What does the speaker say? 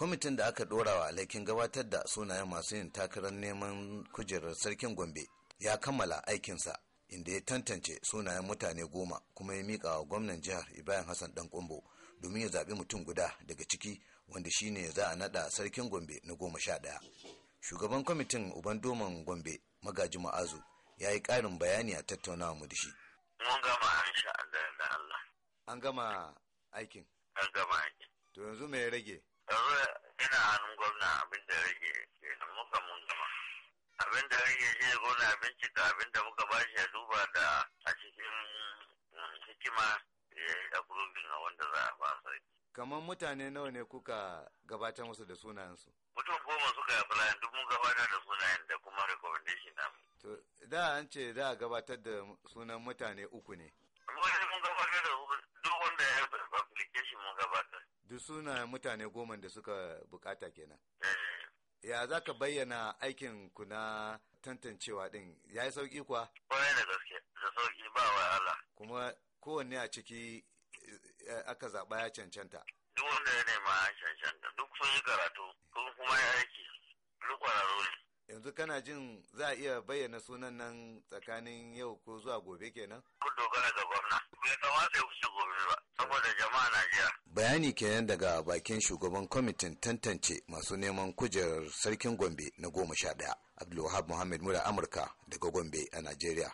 kwamitin da aka dora wa gabatar da sunayen masu yin takarar neman kujerar sarkin gombe ya kammala aikinsa inda ya tantance sunayen mutane goma kuma ya miƙa wa gwamnan jihar ibrahim hassan dan kumbo domin ya zaɓi mutum guda daga ciki wanda shine za a naɗa sarkin gombe na goma sha ɗaya shugaban kwamitin uban doman gombe magaji ma'azu ya yi ƙarin bayani a tattaunawa mu da shi mun gama insha Allah an gama aikin an gama aikin to yanzu me ya rage Yanzu yana hannun gwamna abin da rage kenan muka mun gama abin da rage shi ne gwamna bincika abin da muka ba shi ya duba da a cikin um, hikima ya yi akurubin a wanda za a ba sai kamar mutane nawa ne kuka gabatar musu da sunayensu mutum goma suka yi fulani duk mun gabatar da sunayen da kuma recommendation namu to da an ce za a gabatar da sunan mutane uku ne mun duk suna mutane goma da suka bukata kenan eh. ya za ka bayyana aikin ku na tantancewa din ya yi sauki kuwa kwarai da gaske da sauki ba wa Allah kuma kowanne a ciki eh, aka zaɓa ya cancanta duk wanda ya nema ya cancanta duk sun yi karatu kun kuma ya aiki duk kwararru ne yanzu kana jin za a iya bayyana sunan nan tsakanin yau ko zuwa gobe kenan kun dogara ga gwamna bai kamata ya wuce gobe ba saboda jama'a na jiya bayani kenan daga bakin shugaban kwamitin tantance masu neman kujerar sarkin gombe na goma sha ɗaya abdulwahab muhammad mura amurka daga gombe a najeriya